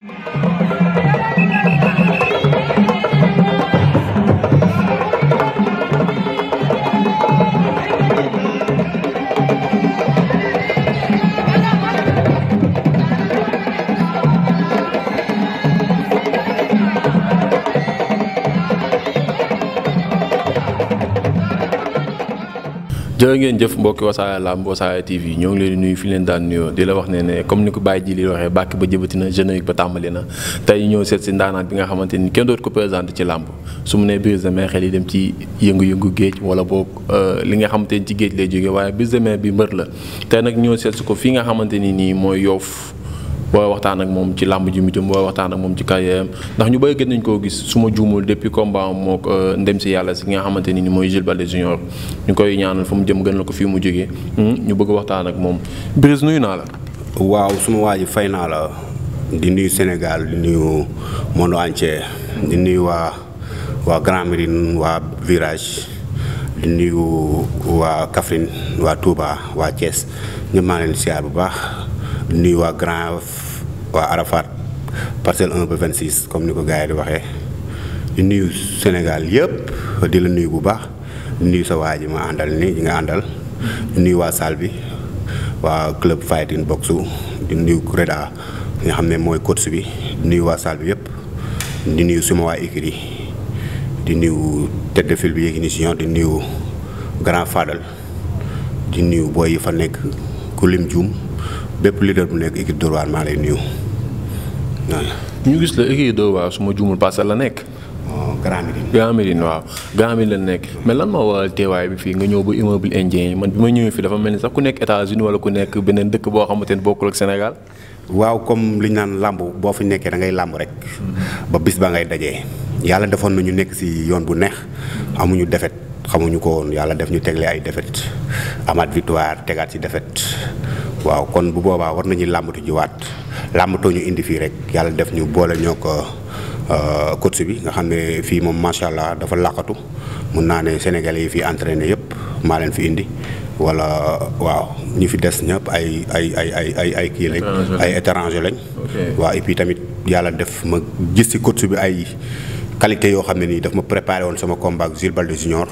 you jërë ngeen jëf mbokki wasaare làmb wasaare TV ñoo ngi leen di nuyu fi leen daan nuyoo di la wax ne ne comme ni ko Baye ji li waxee bàkk ba jëbati na générique ba tàmbali na tey ñëw seet si ndaanaan bi nga xamante ni kenn doot ko présenté ci làmb su mu nee Brise de Mer xel yi dem ci yëngu-yëngu géej wala boog euh, li nga xamante ni ci géej lay jógee waaye Brise de bi mbër la tey nag ñëw seet ko fii nga xamante ni nii mooy Yoff booy waxtaan ak moom ci làmb ji jëm booy waxtaan ak moom ci carrière ndax ñu bëri gën nañ koo gis su ma juumul depuis combat moo euh, ndem si yàlla si nga xamante ni ni mooy Jules Baldé Junior ñu koy ñaanal fa mu jëm gën la ko fii mu jógee hmm? ñu bëgg waxtaan ak moom Brice nuyu naa la waaw suma waa ji fay naa la di nuyu Sénégal di nuyu monde entier di nuyu waa waa Grand Médine waa Virage di nuyu waa Kaffrine waa Touba waa Thiès ñëpp maa siyaar bu baax di waa Arafat parcelle 1 ba 26 comme ni ko gars yi di waxee di nuyu Sénégal yëpp di la nuyu bu baax di nuyu sa waa ma àndal ni ñi nga àndal di nuyu waa salle bi waa club fighting box di nuyu Reda nga xam ne mooy coach bi di nuyu waa salle bi yëpp di nuyu suma waa écurie di nuyu bi Yékini Junior di nuyu grand Fadal di nuyu booy fa nekk ku lim juum bépp leader bu nekk équipe Dóor waar maa lay nuyu voilà. ñu gis la équipe Dóor waar su ma juumul parce que la nekk. Oh, Grand Médine Grand Médine waaw Grand Médine la nekk mais na moo waral teewaay bi fii nga ñëw ba immeuble indien yi man bi ma ñëwee fii dafa mel ni sax ku nekk États-Unis wala ku nekk beneen dëkk boo xamante ni bokkul ak Sénégal. waaw comme li ñu naan làmb boo fi nekkee da ngay làmb rek. Mm-hmm. ba bis ba ngay dajee. yàlla defoon na ñu nekk si yoon bu neex. amuñu defet xamuñu ko woon yàlla def ñu tegle ay defet amaat victoire tegaat si defet waaw kon bu boobaa war nañuy làmbatu jiwaat làmbatoo ñu indi fii rek yàlla def ñu boole ñoo ko euh, coach bi nga xam ne fii moom macha allah dafa làqatu mun naa ne sénégalais yi fi entraîné yëpp maa leen fi indi wala waaw ñu fi des ñëpp ay ay ay ay ay ay kii lañ ay étranger lañ waa et tamit yàlla def ma gis ci coach bi ay qualité yoo xam ne nii daf ma préparé woon sama combat ak Jules Balde Junior.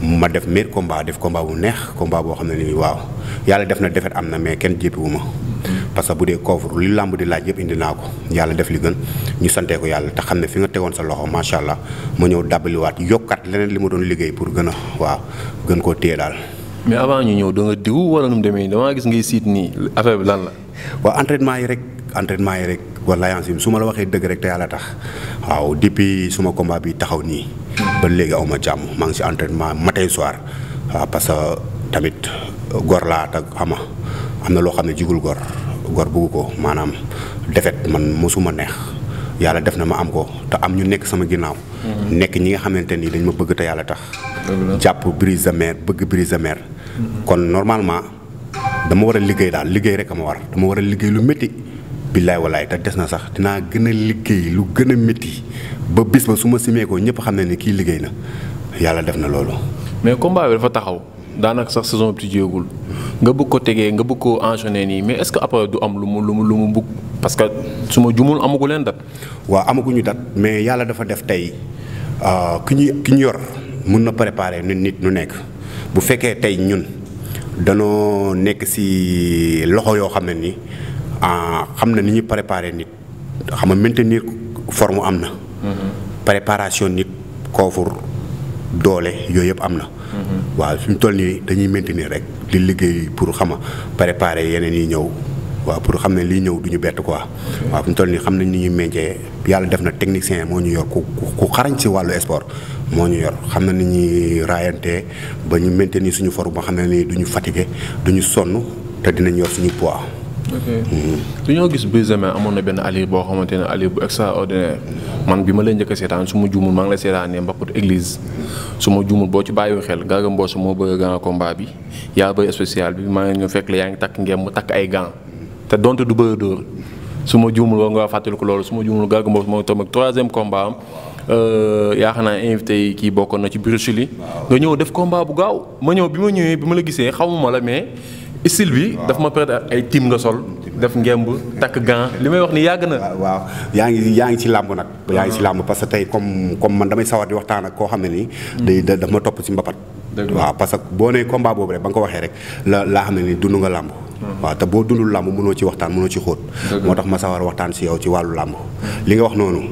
ma def meilleur combat def combat bu neex combat boo xam ne nii waaw yàlla def na defet am na mais kenn jéppiwu ma. parce que bu dee koofur li làmb di laaj yëpp indi naa ko yàlla def li gën ñu santee ko yàlla te xam ne fi nga tegoon sa loxo macha allah ma ñëw dàbbaliwaat yokkat leneen li ma doon liggéey pour gën a waaw gën koo téye daal. mais avant ñu ñëw doo nga diw wala nu mu demee damaa gis ngay siit nii affaire bi la. waaw entraînement yi rek entraînement yi rek. wallaay ansim su ma la waxee dëgg rek te yàlla tax waaw depuis suma combat bi taxaw nii. ba léegi aw ma jàmm maa ci si entraînement matin soir waaw parce que tamit gor laa te ama am na loo xam ne jigul gor gor bugg ko maanaam defet man mosuma neex yàlla def na ma am ko te am ñu nekk sama ginnaaw. Mhm. nekk ñi nga xamante nii dañ ma bëgg te yàlla tax. jàpp brise de mer bëgg brise de mer. Mhm. kon normalement dama war a liggéey daal liggéey rek a ma war dama war a liggéey lu métti. billaay walaay te des na sax dinaa gën a liggéey lu gën a métti ba bis ba su ma simee ko ñëpp xam ne ni kii liggéey na yàlla def na loolu. mais comme bi dafa taxaw daanaka sax saison bi tijjeegul nga bëgg ko tegee nga bëgg ko enchaîner nii mais est-ce que après du am lu mu lu mu lu mu bëgg parce que su jumul amagu leen dat. waaw amaguñu dat mais yàlla dafa def tey euh, ki ñu ki ñu yor mun na préparer nit nit ñu nekk bu fekkee tey ñun danoo nekk ci loxo yoo xam ne nii. xam na ni ñu préparer nit xam nga maintenir forme am na. Mm-hmm. préparation nit koofur doole yooyu yëpp am na. Mm-hmm. waa suñ toll nii dañuy maintenir rek di liggéey pour xama préparer yeneen yi ñëw waaw pour xam ne lii ñëw duñu ñu bett quoi. waaw fi toll nii xam nañ ni ñuy meññee yàlla def na technicien moo ñu yor ku ku xarañ si wàllu sport moo ñu yor xam na ni ñuy raayantee ba ñu maintenir suñu forme ba xam ne nii duñu ñu fatigué du ñu sonn te dinañ yor suñu pois ok mm-hmm. ñoo gis Brise de amoon na benn alire boo xamante ne allure bu extraordinaire man bi ma lay njëkk a seetaan su ma juumul maa ngi lay seetaanee mbappatu église su ma juumul boo ci bàyyiwul xel Garga Mbossé moo bëgg grand combat bi yaa bëri spécial bi maa ngi ñu fekk yaa ngi takk ngeen mu takk ay gants te donte du bëri dóor su ma juumul war ngaa fàttaliku loolu su ma juumul Garga moo tam ak troisième combat am euh, invité kii bokkoon na ci Bruxelles nga ñëw def combat bu gaaw ma ñëw bi ma ñëwee bi ma la gisee xamuma la mais style bi daf ma peut ay tim nga sol. def ngemb takk gant li may wax ni yàgg na. waaw yaa ngi yaa ngi ci làmb nag. yaa ngi ci ah. làmb parce que tey comme comme man damay sawar di waxtaan ak koo xam ne nii. Hmm. day ma topp ci mbapat. waaw parce que boo nee combat boobu rek ba nga ko waxee rek la laa xam ne nii dund nga làmb. Hmm. waaw te boo dundul làmb mënoo ci waxtaan mënoo ci xóot. moo tax ma sawar waxtaan si yow ci wàllu làmb. Hmm. li nga wax noonu.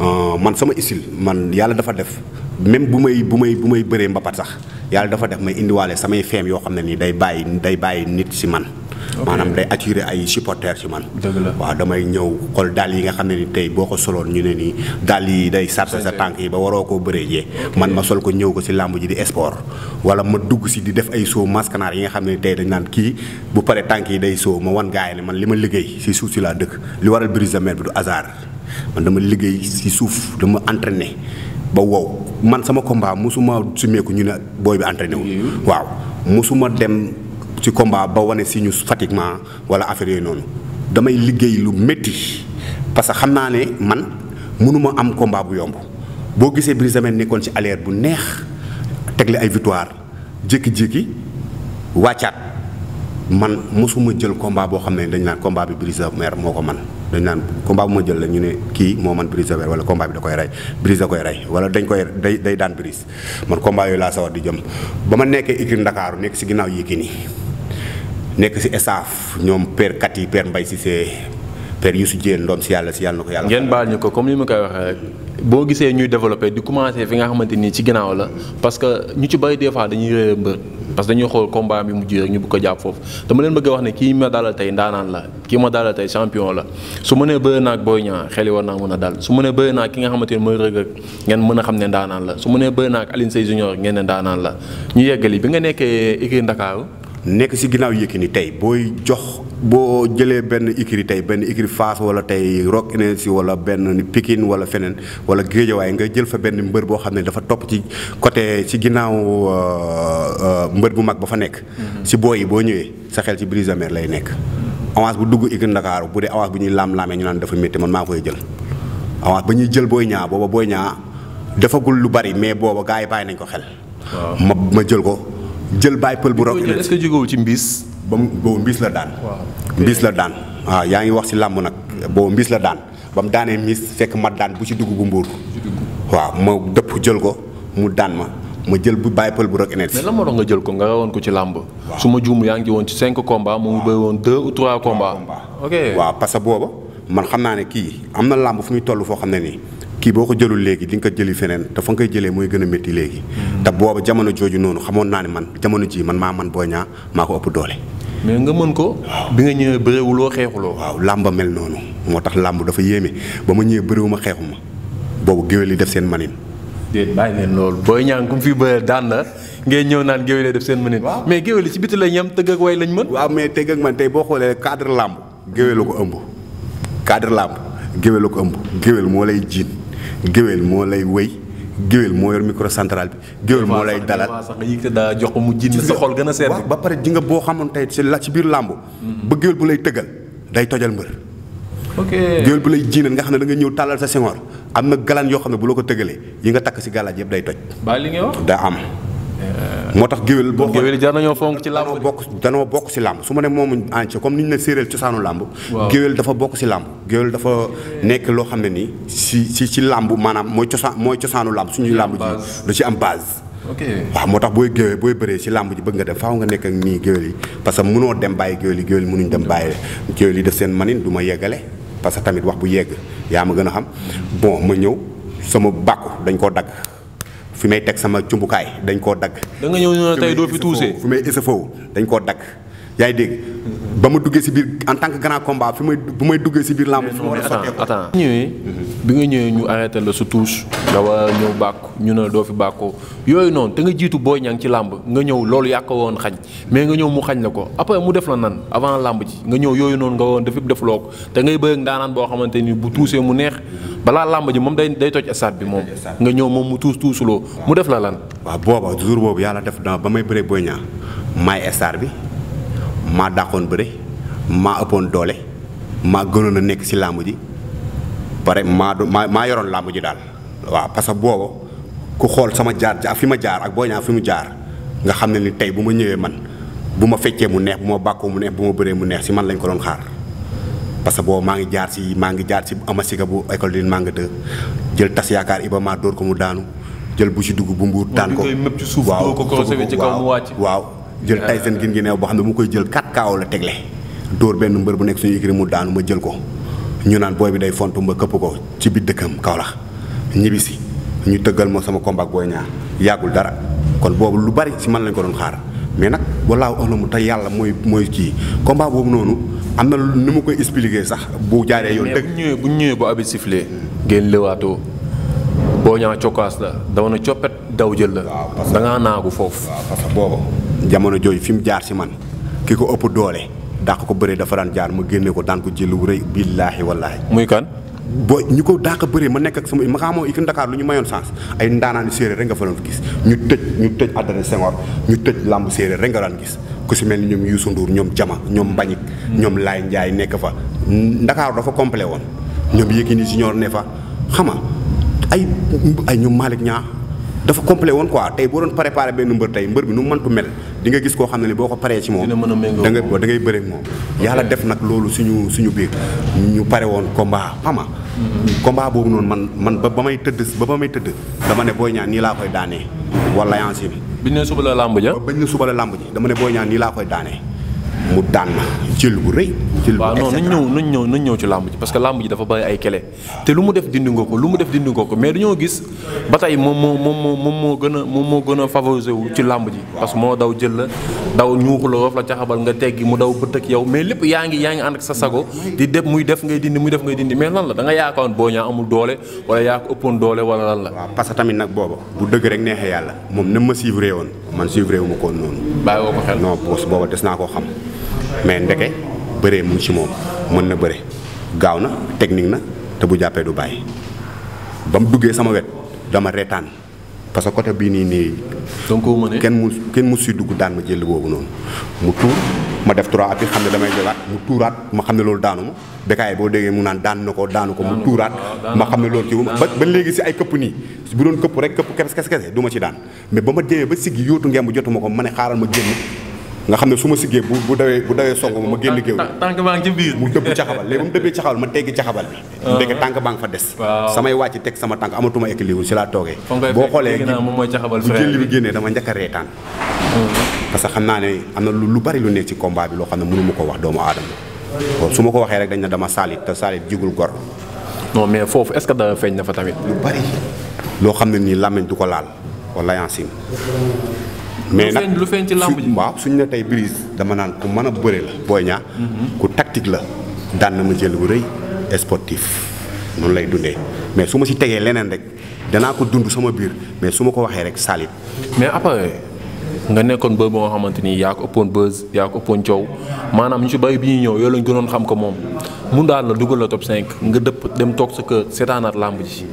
Euh, man sama style man yàlla dafa def. même bu may bu may bu may bëree mbapat sax yàlla dafa def may indiwaale samay feem yoo xam ne nii day bàyyi day bàyyi nit si man. maanaam day attiré ay supporters ci man. dëgg la waaw damay ñëw xool dàll yi nga xam ne ni tey boo ko soloon ñu ne nii dàll yi day sarse sa tànk yi ba waroo koo bëree jee man ma sol ko ñëw ko si làmb ji di sport. wala ma dugg si di def ay soo maskanaar yi nga xam ne ni tey dañ naan kii bu pare tànk yi day soo ma wan gaay ne man li ma liggéey si suuf si laa dëkk li waral brise de mer du hasard man dama liggéey si suuf dama entraîné ba wow. man sama combat musuma sumeeku ñu ne booy bi entraîné wul waaw mosuma dem ci combat ba wane si ñu fatiguement wala affaire yooyu noonu damay liggéey lu métti parce que xam naa ne man mënuma am combat bu yomb boo gisee Brise de Mer nekkoon ci alerte bu neex tegle ay victoire jékki-jékki wàccaat man mosuma jël combat boo xam ne dañ naan combat bi Brise de moo ko man dañ naan combat bu ma jël la ñu ne kii moo man Brise de Mer wala combat bi da koy rey Brise da koy rey wala dañ koy day day daan Brise man combat yooyu laa sawar di jëm ba ma nekkee écurie Ndakaaru nekk si ginnaaw Yékini nekk si staff ñoom père kat yi père Mbaye Cissé te Youssou Dieng ndoom si yàlla si yàlla na ko yàlla. ngeen baal ñu ko comme ni ma koy waxee rek boo gisee ñuy développé di commencé fi nga xamante ni ci ginnaaw la parce ñu ci bari des dañuy réer mbër parce dañuy xool combat bi mujj rek ñu bëgg ko jàpp foofu dama leen bëgg a wax ne kii ma dalal tey ndaanaan la kii ma dalal tey champion la su ma nee bëri naag booy ñaa xel yi war naa mën a dal su ma nee bëri naag ki nga xamante ni mooy rëg rëg ngeen mën a xam ne ndaanaan la su ma nee nekk si ginnaaw ni tey booy jox boo jëlee benn écurie tey benn écurie Fass wala tey Rock Énergie wala benn Pikine wala feneen wala Guédiawaye nga jël fa benn mbër boo xam ne dafa topp ci côté ci ginnaaw euh, euh, mbër bu mag ba fa nekk. si mhm. booy yi boo ñëwee sa xel ci Brise de lay nekk. avance bu dugg écurie Ndakaaru bu dee avance bu ñuy laam-laamee ñu naan dafa métti man maa koy jël avance ba ñuy jël booy ñaa booba booy ñaa defagul lu bari mais booba gars yi bàyyi nañ ko xel. ma ma jël ko. jël baay pël bu rock est ci mbiis ba mu la daan mbiis la daan waaw ah, yaa ngi wax si làmb nag boobu mbiis la daan ba mu daanee fekk ma daan bu ci dugg bu mbuur waaw ma dëpp jël ko mu daan ma ma jël bu bàyyi bu rek énergie. mais lan moo nga jël ko nga rawoon ko ci làmb. su ma juum yaa ngi woon ci cinq combats mu bëri woon deux ou waaw parce que booba man xam naa ne kii am na làmb fu muy toll foo xam ne nii. kii boo ko jëlul léegi di nga ko jëli feneen te fa nga koy jëlee mooy gën a métti léegi. te booba jamono jooju noonu xamoon naa ne man jamono ji man maa man Boy Niang maa ko ëpp doole. mais nga mën ko. bi nga ñëwee bëreewuloo xeexuloo. waaw làmba mel noonu moo tax làmb dafa yéeme ba ma ñëwee bëreewuma xeexuma boobu géwél yi def seen manin. déet bàyyi leen loolu Boy Niang ku fi bëree daan na ngeen ñëw naan géwél def seen manin. mais géwél yi ci biti la ñam tëgg ak lañ mën. waaw mais tëgg ak man tey boo xoolee cadre làmb géwél ko ëmb cadre làmb géwél ko ëmb géwél moo jiin géwél moo lay wëy géwél moo yor microcentral bi géwél moo lay dalal daa jox ko mu jinn sa xol gën a seet ba pare ji boo xamoon tey ci la ci biir làmb ba géwél bu lay tëggal day tojal mbër ok géwél bu lay jiinal nga xam ne da nga ñëw tàllal sa sengoor am na galan yoo xam ne bu la ko tëggalee yi nga takk si galaaj yëpp day toj baa am moo tax géwél boo géwél jar nañoo fonk ci làmb bokk danoo bokk si làmb su ma ne moomuñ ànc comme ni ñu ne séeréer cosaanu làmb géwél dafa bokk si làmb géwél dafa nekk loo xam ne nii si si si làmb maanaam mooy cosaan mooy cosaanu làmb suñuy làmb ji lu ci am base ok moo tax booy géwél booy bëree si làmb ji bëgg nga dem faaw nga nekk ak nii géwél yi parce que mënoo dem bàyyi géwél yi géwél yi dem bàyyi géwél yi def seen manin du ma yeggale parce que tamit wax bu yegg yaa ma gën a xam bon ma ñëw sama bàkku dañ koo dagg fi may teg sama cumbukaay dañ koo dagg. da nga ñëw ñu ne tey doo fi tuusee fu may échafoo dañ koo dagg. yaay dégg ba ma duggee si biir en tant que grand combat fi may bu may duggee si biir lamb fi ma war a sottee ko bi nga ñëwee ñu arrêté la sa touche nga war a ñëw bàkku ñu ne doo fi bàkkoo yooyu noonu te nga jiitu Boy Niang ci làmb nga ñëw loolu yàq woon xañ mais nga ñëw mu xañ la ko après mu def la nan avant làmb ji nga ñëw yooyu noonu nga woon def def loo ko te ngay bëgg daanaan boo xamante ni bu tuusee mu neex balaa làmb ji moom day day toj stade bi moom nga ñëw moom mu tuus tuusuloo mu def la lan waaw booba jour boobu def da ba may bëree Boy Niang maay star bi maa dàqoon bëre maa ëppoon doole maa gënoon a nekk si làmb ji pare maa du maa maa yoroon làmb ji daal waaw parce que booba ku xool sama jaar ci jaar fi ma jaar ak boo Niang fi mu jaar nga xam ne ni tey bu ma ñëwee man bu ma feccee mu neex bu ma bàkkoo mu neex bu ma bëree mu neex si man lañ ko doon xaar parce que booba maa ngi jaar si maa ngi jaar si amasiga bu école din maa nga dë jël tas yaakaar Iba maa dóor ko mu daanu jël bu si dugg bu mbuur daan ko waaw waaw jël euh, Tyson gin gi neew boo xam ne mu koy jël 4 kaaw la tegle dóor benn mbër bu nekk suñu écrit mu daanu ma jël ko ñu naan booy bi day fontu ma këpp ko ci biir dëkkam Kaolack ñibbisi ñu tëggal ma sama combat booy ñaar yàggul dara kon boobu lu bari si man lañ ko doon xaar mais nag na mu te yàlla mooy mooy kii combat boobu noonu am na ni ma koy expliquer sax bu jaaree yoon dëgg bu ñëwee bu ñëwee ba abi sifflé ngeen lëwaatoo boo ñaa cokkaas la dama coppet daw jël la da ngaa naagu foofu waaw jamono jooju fi mu jaar ci man ki ko ëpp doole dàq ko bëre dafa daan jaar ma génne ko daan ko jël rey rëy billaahi wallaahi. muy kan. boo ñu ko dàq bëre ma nekk ak sama ma xamoo Ikine lu ñu mayoon sens ay ndaanaani séeréer rek nga fa doon gis ñu tëj ñu tëj àddana Senghor ñu tëj làmb séeréer rek nga daan gis ku si mel ni ñoom Youssou Ndour ñoom Jama ñoom Mbagnick ñoom Laye Ndiaye nekk fa Ndakaaru dafa complet woon ñoom si Junior ne fa xama ay ay ñoom Malick Niang dafa complet woon quoi tey boo doon préparé benn mbër tey mbër bi nu mu mëntu mel di nga gis koo xam ne boo ko paree ci moom da nga da ngay bëre ak moom yàlla def nag loolu suñu suñu biir ñu pare woon combat ama mm-hmm. combat boobu noonu man man ba ba may tëdd ba ba may tëdd dama ne Boy ñaan nii laa koy daanee wala yansi bi biñ ne suba la làmb ja bañ ne suba la làmb ji dama ne Boy ñaan nii laa koy daanee mu daan jël bu rëy. jël bu waaw non nañ ñëw nañ ñëw nañ ñëw ci làmb parce que làmb ji dafa bëri ay kele te lu mu def dindi nga ko lu mu def dindi nga ko mais dañoo gis ba tey moo moo moo gën a moom moo gën a favoriser wu ci làmb ji. parce que moo daw jël la daw ñuuxu la roof la nga teggi mu daw bët ak yow mais lépp yaa ngi yaa ngi ànd sa sago di def muy def ngay dindi muy def ngay dindi mais lan la da nga yaakaaroon boo ñaa amul doole yaa ko ëppoon wala la. waaw parce que tamit nag booba bu dëgg rek neexee yàlla moom na ma woon man suivre wu ko noonu. bàyyi woo ko xel non booba des naa ko xam mais ndeke bëree mu ngi ci moom mën na bëre gaaw na technique na te bu jàppee du bàyyi ba mu duggee sama wet dama reetaan parce que côté bii nii nii. donc mu ne kenn mu kenn mu si dugg daan ma jël boobu noonu mu tuur ma def trois appuis xam ne damay jëlaat mu tuuraat ma xam ne loolu daanu ma békaay boo déggee mu naan daan na ko daanu ko mu tuuraat ah, ma xam ne loolu ci ba ba léegi si ay këpp nii bu doon këpp rek këpp kese kese du ma ci daan mais ba ma déwee ba siggi yóotu ngeen jotuma ko ma ne xaaral ma génn nga xam ne su ma siggee bu bu dawee bu dawee song ma génn géew tànk baa ngi ci biir mu dëbb caxabal léegi mu dëbbee caxabal ma teggi caxabal bi ah. ndeke tànk baa ngi fa des samay wàcc teg sama tànk amatuma équilibre si laa toogee boo xoolee bu jëlli bi génnee dama njëkk a reetaan hmm. parce que xam naa ne am na lu bari lu nekk ci combat bi loo xam ne mënu ma ko wax doomu aadama kon su ma ko waxee rek dañ na dama saalit te saalit jigul gor non mais foofu est-ce que da feeñ na fa tamit lu bari loo xam ne nii làmmiñ du ko laal wala yansim mais nag lu feeñ ci làmb ji waaw suñ ne tey Brise dama naan ku mën a bëre la Boy Niang mhm. ku tactique la daan na ma jël bu rëy sportif noonu lay dundee mais su ma si tegee leneen rek danaa ko dund sama biir mais su ma ko waxee rek salit mais après nga nekkoon bë moo xamante ni yaa ko ëppoon buzz yaa ko ëppoon coow maanaam ñu si bay bi ñuy ñëw yooyu lañ gënoon xam ko moom mun daal la dugal la top 5 nga dëpp dem toog sa kër seetaanaat làmb ji.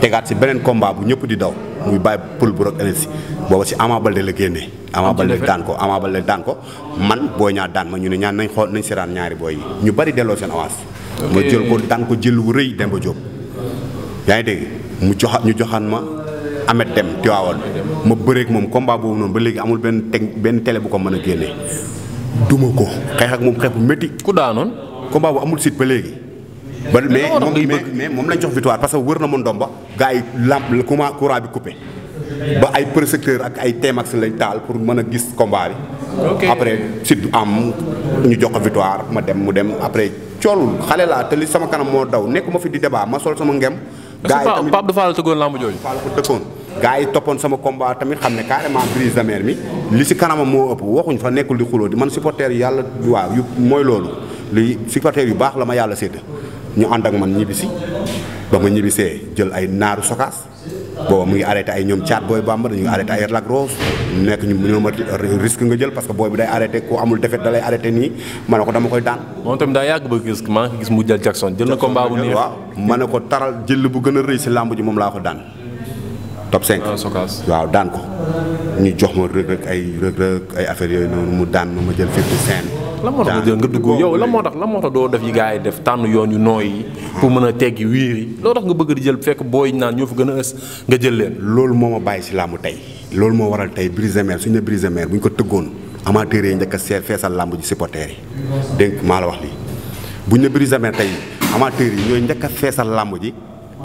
tegaat si beneen combat bu ñëpp di daw muy bàyyi poul bu rog énergie booba si Ama Baldé la génne Ama Baldé daan ko Ama Baldé daan ko man booy ñaar daan ma ñu ne ñaan nañ xool nañ seetaan ñaari booy yi ñu bari delloo seen avance. ma jël ko daan ko jël wu rëy Demba Diop. yaa ngi dégg mu joxa ñu joxaan ma Amet Dem Tiwaawoon ma bëreeg moom combat boobu noonu ba léegi amul benn teg benn télé bu ko mën a génnee ko xeex ak moom xeex bu combat bu amul site ba léegi. ba mais moom moom lañ jox victoire parce que wër na mu ndomba. gars yi lamp courant courant bi coupé. ba ay projecteur ak ay Tmax lañ taal pour mën a gis combat bi. après site am ñu jox ko victoire ma dem mu dem après coolul xale laa te li sama kanam moo daw nekku ma fi di débat ma sol sama ngem. gaa yi tamit Pape du Fall tëggoon lamb jooju. Fall tëggoon gaa yi toppoon sama combat tamit xam ne carrément brise de mer mi li si kanamam moo ëpp waxuñ fa nekkul di di man supporter yàlla waaw yu mooy loolu. li supporters yu baax la ma yàlla sédd ñu ànd ak man ñibbisi ba ma ñibbisee jël ay naaru sokaas booba mu ngi arrêté ay ñoom caat booy bamba dañu arrêté ay Lac Rose nekk ñu ñoom a risque nga jël parce que booy bi day arrêté ku amul defet da lay nii ma ne ko dama koy daan. moom tamit daa yàgg ba gis maa gis mu jël Jackson jël na ko bu neex waaw ma ne ko taral jël bu gën a rëy si làmb ji moom laa ko daan. top 5 ah, sokaas waaw daan ko ñu jox ma rëg rëg ay rëg ay affaire yooyu noonu mu daan ma ma jël 55. lan moo tax nga dugg yow lan moo tax lan moo tax doo def yi gars yi def tànn yoon yu nooy yi pour mën a teggi wiir yi loo tax nga bëgg di jël fekk booy naan ñoo fa gën a ës nga jël leen loolu moo ma bàyyi si làmb tey loolu moo waral tey Brise de Mer suñu ne Brise de bu ñu ko tëggoon amateur yi njëkk a seet feesal làmb ji supporters yi dénk maa la wax lii bu ñu ne tey amateur yi ñooy njëkk a feesal làmb ji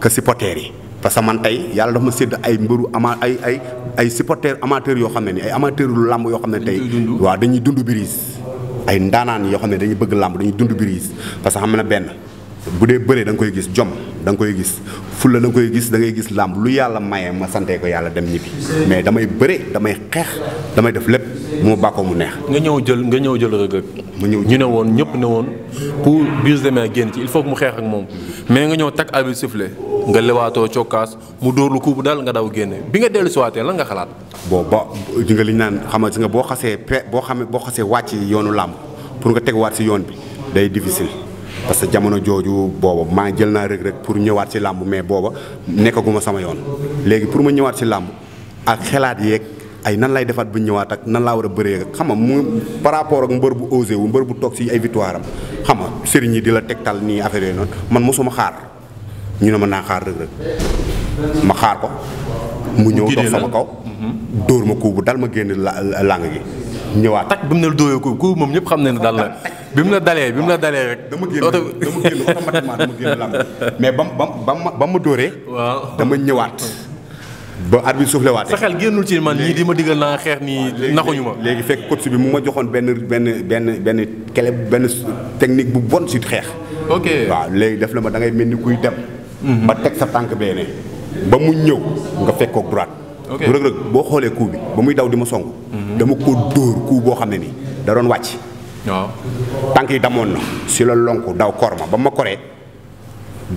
que supporters yi parce que man tey yàlla dafa ma sédd ay mbëru ama ay ay ay supporters amateurs yoo xam ne ni ay amateurs làmb yoo xam ne tey waaw dañuy dund Brise ay ndaanaan yoo xam ne dañuy bëgg làmb dañuy dund brise parce que xam na benn bu dee bëree da nga koy gis jom danga koy gis fulla da nga koy gis dangay gis làmb lu yàlla maye ma santee ko yàlla dem ñibbi mais damay bëre damay xeex damay def lépp mu bàkkoo mu neex. nga ñëw jël nga ñëw jël Reug Reug. mu ñëw ñu ne woon ñëpp ne woon pour biir demee génn ci il faut que mu xeex ak moom mais nga ñëw takk abi sifflé nga lewaatoo cokkaas mu dóor lu kuubu daal nga daw génne bi nga dellu si waatee lan nga xalaat. bon ba di nga li ñu naan xam nga boo xasee pe boo xamee boo xasee wàcc yoonu làmb pour nga tegwaat si yoon bi day difficile parce que jamono jooju booba maa jël naa Reug Reug pour ñëwaat ci làmb mais booba nekkaguma sama yoon léegi pour ma ñëwaat ci làmb ak xelaat yeeg ay nan lay defaat bu ñëwaat ak nan laa war a bëree xam nga mu par rapport ak mbër bu osé wu mbër bu toog ci ay victoire xam nga sëriñ yi di la tegtal nii affaire yooyu noonu man mosuma xaar ñu ne ma naa xaar Reug Reug ma xaar ko mu ñëw toog sama kaw mhm. dóor ma kuu dal ma génn la lang gi ñëwaat taj bi mu ne dóoyoo ko ku moom ñëpp xam ne ne dal la bi mu la dalee bi mu la dalee rek. dama génn dama génn automatiquement dama génn mais ba ba ma ba ma dama ñëwaat. ba arbitre suuf la waatee sa xel génnul ci man ñii di ma digal naa xeex nii naxuñu ma. léegi fekk coach bi mu ma joxoon benn benn benn benn kele benn technique bu bon si xeex. ok waaw léegi def la ma da ngay mel ni kuy dem. Mhm. ba teg sa tànk beneen. ba mu ñëw nga fekk ko droite. rëg rëg boo xoolee coup bi ba muy daw di ma song. Mhm. dama ko dóor ku boo xam ne nii da doon wàcc. waaw yi damoon na si la lonku daw kor ma ba ma koree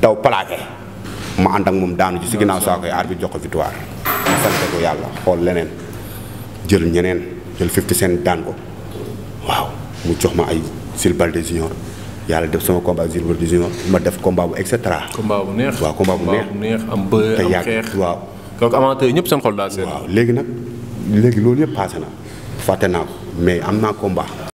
daw plaqué ma ànd ak moom daanu ci si ginnaaw saa koy aar bi jox ko victoire. sant ko yàlla xool leneen jël ñeneen jël 50 cent daan ko waaw mu jox ma ay silbalde junior yàlla def sama combat silbalde junior ma def combat bu et cetera. combat bu neex waaw combat bu neex am bëre am xeex waaw. kooku amateur ñëpp seen xol léegi nag léegi loolu yëpp passé na. fàtte naa ko mais am naa combat